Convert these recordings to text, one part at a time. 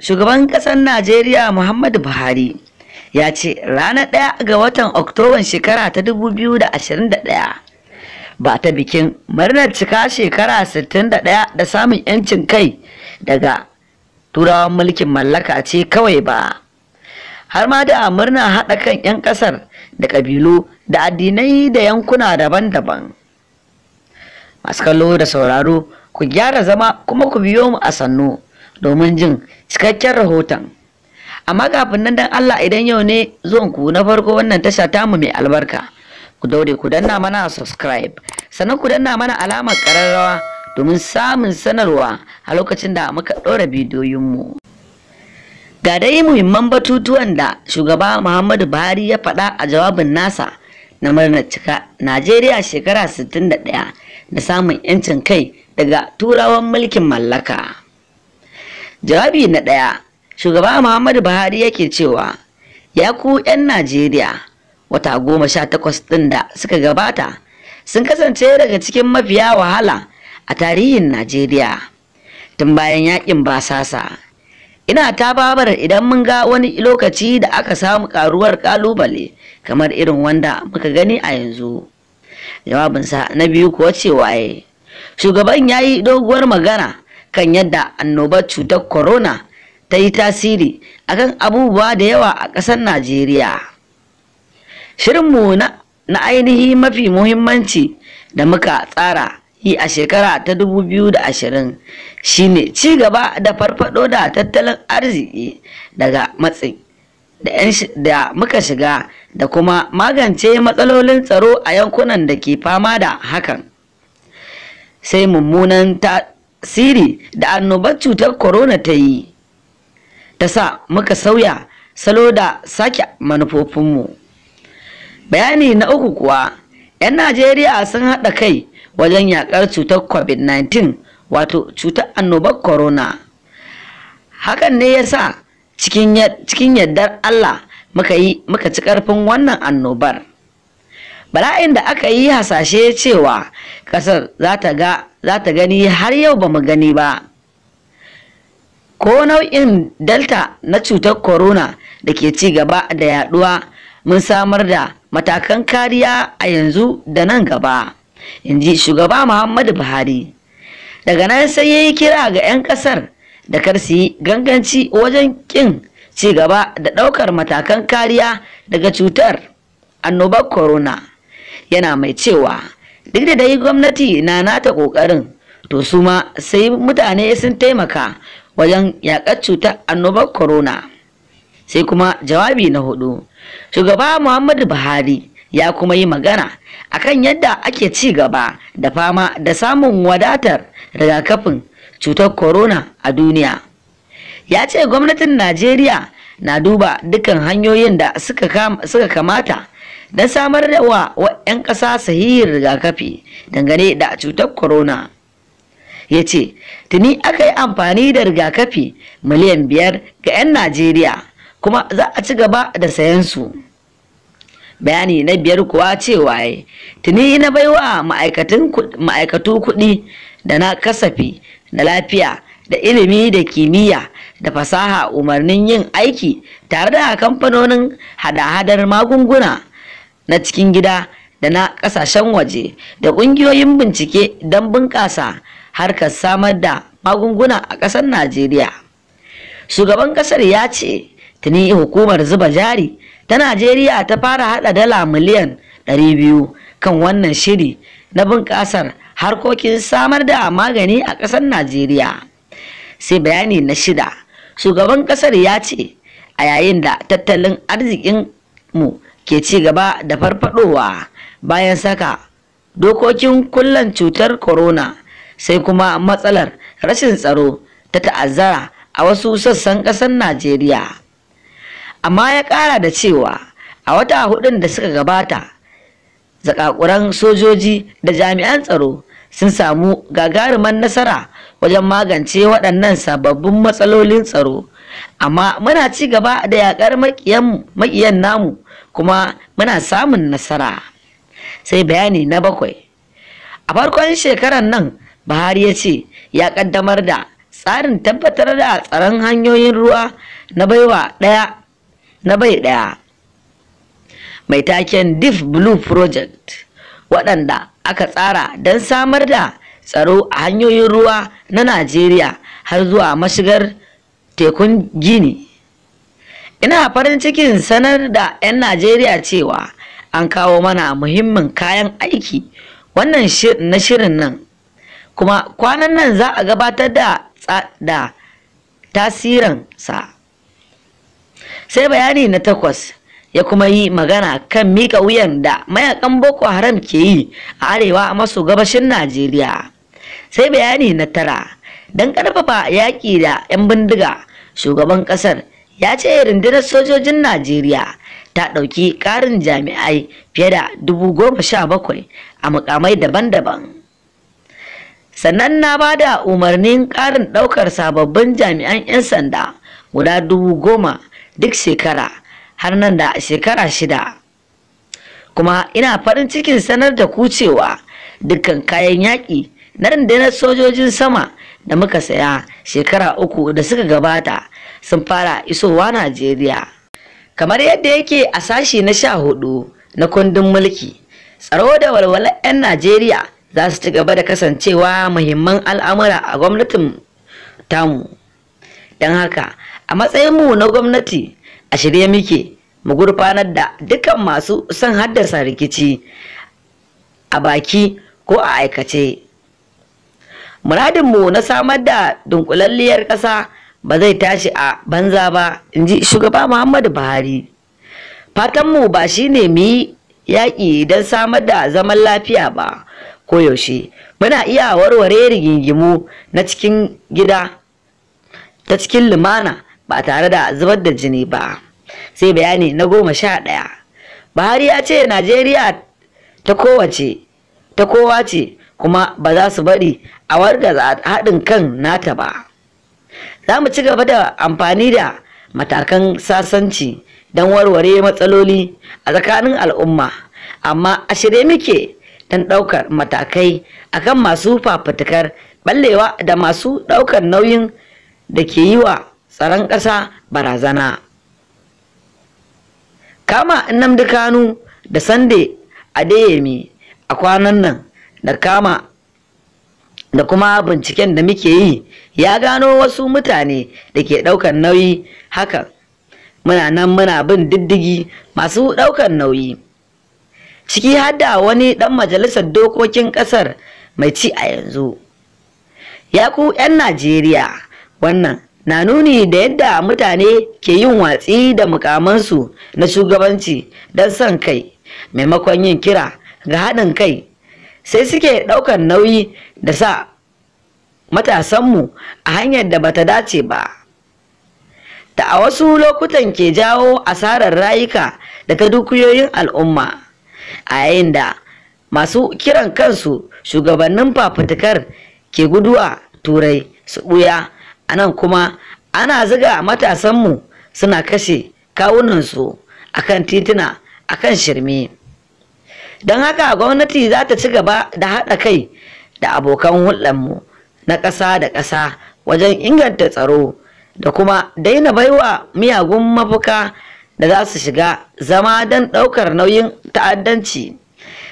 shugaban ƙasar najeriya muhammadu buhari ya ce ranar ɗaya ga watan oktoban shekara ta 2021 ba ta bikin murnar cika shekara 61 da samun 'yancin kai daga turawan mulkin mallaka ce kawai ba har ma da murna haɗa kan 'yan ƙasar da ƙabilu da addinai da yankuna daban-daban masu kallo da sauraro ku gyara zama kuma ku biyo mu a sannu domin jin cikakken rahoton amma kafin nan dan Allah idan yau ne zuwan ku na farko wannan tasha tamu mai albarka ku daure ku danna mana subscribe sannan ku danna mana alamar kararrawa domin samun sanarwa a lokacin da muka ɗora bidiyoyinmu ga dai muhimman batutuwan da shugaba muhammadu buhari ya faɗa a jawabin nasa na murnar cika najeriya shekara 61 da samun 'yancin kai daga turawan mulkin mallaka jawabi na ɗaya shugaba muhammadu buhari yake cewa ya ku 'yan najeriya wata goma sha takwas ɗin da suka gabata sun kasance daga cikin mafiya wahala a tarihin najeriya tun bayan yakin basasa ina ta babar idan mun ga wani lokaci da aka samu karuwar kalubale kamar irin wanda muka gani a yanzu jawabinsa na biyu kuwa cewa shugaban ya yi doguwar magana kan yadda annobar cutar corona ta yi tasiri a kan abubuwa da yawa a ƙasar najeriya shirinmu na, na ainihi mafi muhimmanci da muka tsara yi a shekara ta 2020 shine ci gaba da farfado da tattalin arziki daga matsin da muka shiga da kuma magance matsalolin tsaro a yankunan da ke fama da hakan sai mummunan ta Siri da annobar cutar corona ta yi ta sa muka sauya salo da sake manufofinmu bayani na uku kuwa 'yan najeriya sun haɗa kai wajen yakar cutar covid-19 wato cutar annobar corona hakan ne ya sa cikin yardar allah muka yi muka ci karfin wannan annobar bala'in da aka yi hasashe cewa kasar za ta gani har yau ba mu gani ba ko nau'in delta na cutar corona da ke ci gaba da yaduwa mun samar da matakan kariya a yanzu da nan gaba in ji shugaba muhammadu buhari daga nan sai ya yi kira ga 'yan kasar da kar su yi ganganci wajen kin ci gaba da ɗaukar matakan kariya daga cutar annobar corona. yana mai cewa duk da dai gwamnati na nata kokarin to su ma sai mutane sun taimaka wajen yakar cutar annobar corona sai kuma jawabi na hudu shugaba muhammadu buhari ya kuma yi magana akan yadda ake ci gaba da fama da samun wadatar rigakafin cutar corona a duniya ya ce gwamnatin najeriya na duba dukkan hanyoyin da suka kamata Na samar da wa 'yan ƙasa sahihin rigakafi dangane da cutar corona ya ce tuni aka yi amfani da rigakafi miliyan biyar ga 'yan najeriya kuma za a ci gaba da sayan su bayani na biyar kuwa cewa ya tuni na baiwa ma'aikatu kuɗi da na kasafi na lafiya da ilimi da kimiyya da fasaha umarnin yin aiki tare da kamfanonin hada-hadar magunguna na cikin gida da na kasashen waje da ƙungiyoyin bincike don bunƙasa harkar samar da magunguna a ƙasar najeriya shugaban ƙasar ya ce tuni hukumar zuba jari ta najeriya ta fara hada dala miliyan 200 kan wannan shiri na bunƙasar harkokin samar da magani a ƙasar najeriya sai bayani na shida shugaban ƙasar ya ce a yayin da tattalin arzikin mu ke ci gaba da farfadowa bayan saka dokokin kullan cutar corona sai kuma matsalar rashin tsaro ta ta'azzara a wasu sassan ƙasar najeriya amma ya ƙara da cewa a wata hudun da suka gabata zakakuran sojoji da jami'an tsaro sun samu gagarumar nasara wajen magance waɗannan sababbin matsalolin tsaro amma muna ci gaba da yakar makiyan namu kuma muna samun nasara sai bayani na bakwai a farkon shekarar nan buhari ya ce ya kaddamar da tsarin tabbatar da tsaron hanyoyin ruwa na baiwa ɗaya na bai ɗaya mai taken deep blue project waɗanda aka tsara don samar da tsaro a hanyoyin ruwa na najeriya har zuwa mashigar tekun gini ina farin cikin sanar da 'yan najeriya cewa an kawo mana muhimmin kayan aiki wannan na shirin nan kuma kwanan nan za a gabatar da da tasirinsa sai bayani na takwas ya kuma yi magana kan mika wuyan da mayakan boko haram ke yi a arewa a maso gabashin najeriya sai bayani na tara don ƙarfafa yaƙi da 'yan bindiga shugaban ƙasar ya ce rundunar sojojin najeriya ta ɗauki ƙarin jami'ai fiye da dubu sha bakwai a mukamai daban-daban sannan na ba da umarnin ƙarin ɗaukar sababbin jami'an 'yan sanda guda dubu duk shekara har nan da shekara shida kuma ina farin cikin sanar da kucewa cewa dukkan kayan yaƙi na rundunar sojojin sama da muka saya shekara uku da suka gabata sun fara isowa Najeriya. Kamar yadda yake a sashi na sha hudu na kundin mulki, tsaro da walwalar 'yan Najeriya za su ci gaba da kasancewa muhimman al'amura a gwamnatin tamu. Don haka, a matsayin mu na gwamnati a shirye muke mu gurfanar da dukkan masu son haddasa rikici a baki ko a aikace. muradinmu na samar da dunkulalliyar ƙasa ba zai tashi a banza ba in ji shugaba muhammadu buhari fatanmu ba shine ne mu yi yaƙi don samar da zaman lafiya ba koyaushe muna iya warware rigingimu na cikin gida ta cikin lumana ba tare da zubar da jini ba sai bayani na goma sha ɗaya buhari ya ce najeriya ta kowace ta kowa ce kuma ba za su bari a wargaza haɗin kan nata ba za mu ci gaba da amfani da matakan sasanci don warware matsaloli a tsakanin al'umma amma a shirye muke don ɗaukar matakai akan masu fafutukar ɓallewa da masu ɗaukar nauyin da ke yi wa tsaron ƙasa barazana kama Nnamdi Kanu da Sande Adeyemi a kwanan nan da kama da kuma binciken da muke yi ya gano wasu mutane da ke ɗaukar nauyi haka muna nan muna bin diddigi masu ɗaukar nauyi ciki har wani ɗan majalisar dokokin ƙasar mai ci a yanzu ya ku 'yan najeriya wannan na nuni da yadda mutane ke yin watsi da mukamansu na shugabanci don son kai maimakon yin kira ga haɗin kai sai suke ɗaukar nauyi da sa matasanmu a hanyar da bata dace ba da a wasu lokutan ke jawo asarar rayuka da ta dukiyoyin al'umma a yayin da masu kiran kansu shugabannin fafutukar ke guduwa turai su ɓuya a nan kuma ana ziga matasanmu suna kashe kawunansu akan tituna a kan shirme. don haka gwamnati za ta ci gaba da haɗa kai da abokan hulɗarmu na ƙasa da ƙasa wajen inganta tsaro da kuma daina baiwa miyagun mafuka da za su shiga zama don ɗaukar nauyin ta'addanci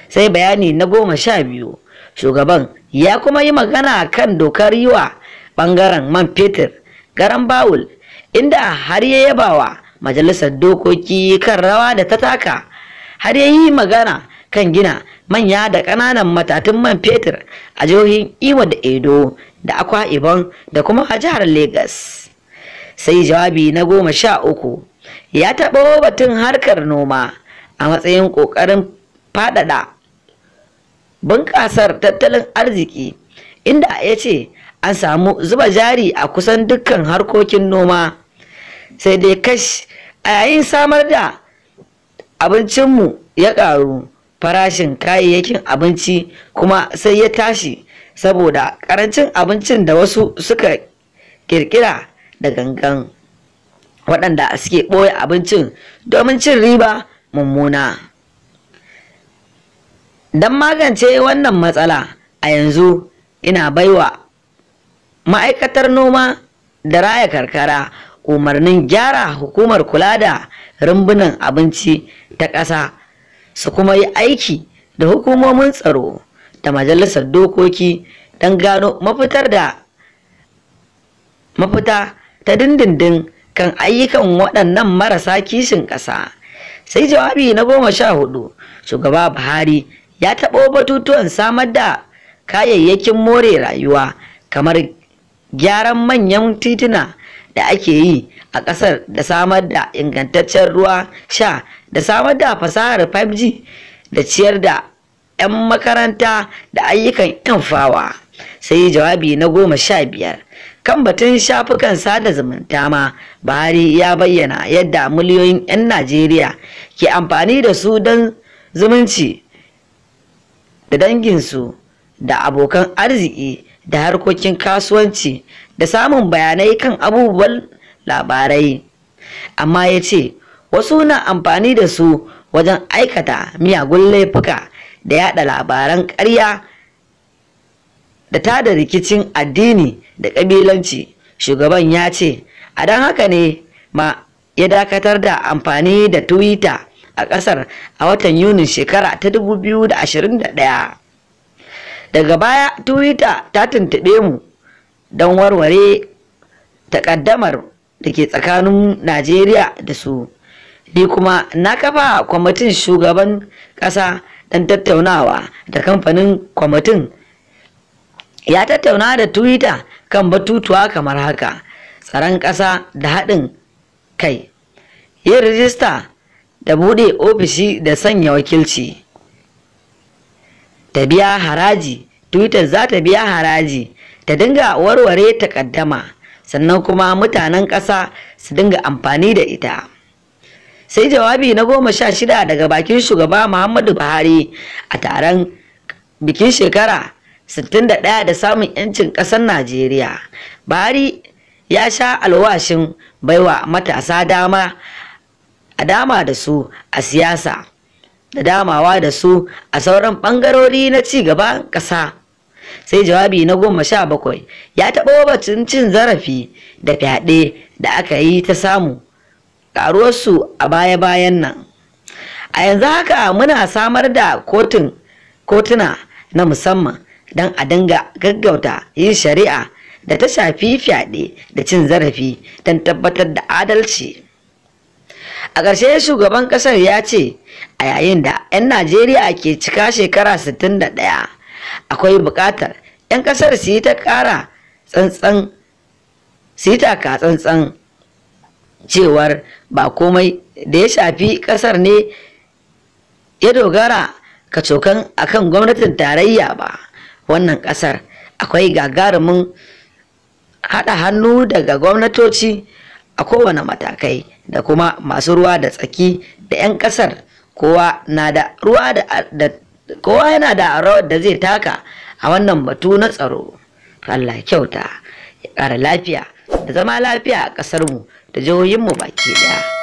sai bayani na goma sha biyu shugaban ya kuma yi magana kan dokar yiwa ɓangaren man fetur garan bawul inda har ya yaba wa majalisar dokoki kan rawa da ta taka har ya yi magana kan gina manya da ƙananan matatun man fetur a jihohin Iwa da Edo da Akwa ibon da kuma a jihar Legas. Sai jawabi na goma sha uku ya taɓa batun harkar noma a matsayin ƙoƙarin faɗaɗa bunƙasar tattalin arziki inda ya ce an samu zuba jari a kusan dukkan harkokin noma sai dai kash a yayin samar da abincinmu ya ƙaru farashin kayayyakin abinci kuma sai ya tashi saboda karancin abincin da wasu suka kirkira da gangan waɗanda suke ɓoye abincin domin cin riba mummuna don magance wannan matsala a yanzu ina baiwa ma'aikatar noma da raya karkara umarnin gyara hukumar kula da rumbunan abinci ta ƙasa su kuma yi aiki da hukumomin tsaro da majalisar dokoki don gano mafitar mafita ta dindindin kan ayyukan waɗannan marasa kishin ƙasa sai jawabi na goma sha hudu shugaba buhari ya taɓo batutuwan samar da kayayyakin more rayuwa kamar gyaran manyan tituna da ake yi a ƙasar da samar da ingantaccen ruwa sha da samar da fasahar 5G da ciyar da 'yan makaranta da ayyukan 'yan fawa. Sai jawabi na goma sha biyar. Kan batun shafukan sada zumunta ma, Buhari ya bayyana yadda miliyoyin 'yan Najeriya ke amfani da su don zumunci da danginsu da abokan arziki da harkokin kasuwanci da samun bayanai kan abubuwan labarai. Amma ya ce, wasu na amfani da su wajen aikata miyagun laifuka da yada labaran ƙarya da tada rikicin addini da ƙabilanci shugaban ya ce a don haka ne ma ya dakatar da amfani da twitter a ƙasar a watan Yuni shekara ta 2021 daga baya twitter ta tuntube mu don warware takaddamar da ke tsakanin najeriya da su ni kuma na kafa kwamitin shugaban ƙasa don tattaunawa da kamfanin kwamitin ya tattauna da twitter kan batutuwa kamar haka tsaron ƙasa da haɗin kai yin rijista da buɗe ofishi da sanya wakilci ta biya haraji twitter za ta biya haraji ta dinga warware takaddama sannan kuma mutanen ƙasa su dinga amfani da ita sai jawabi na goma sha shida daga bakin shugaba muhammadu buhari a taron bikin shekara 61 da samun 'yancin ƙasar najeriya buhari ya sha alwashin baiwa matasa dama a dama da su a siyasa da damawa da su a sauran ɓangarori na ci gaban ƙasa sai jawabi na goma sha bakwai ya taɓa wabacin cin zarafi da fyaɗe da aka yi ta samu ƙaruwarsu a baya-bayan nan a yanzu haka muna samar da kotun kotuna na musamman don a dinga gaggauta yin shari'a da ta shafi fyaɗe da cin zarafi don tabbatar da adalci a ƙarshe shugaban ƙasar ya ce a yayin da 'yan najeriya ke cika shekara 61 akwai buƙatar 'yan ƙasar su yi ta ƙara tsantsan su yi taka tsantsan cewar ba komai da ya shafi kasar ne ya dogara kacokan akan gwamnatin tarayya ba wannan kasar akwai gagarumin haɗa hannu daga gwamnatoci a kowane matakai da kuma masu ruwa da tsaki da 'yan kasar kowa yana da rawar da zai taka a wannan batu na tsaro Allah kyauta ya ƙara lafiya da zama lafiya a ƙasarmu 就一毛八几了。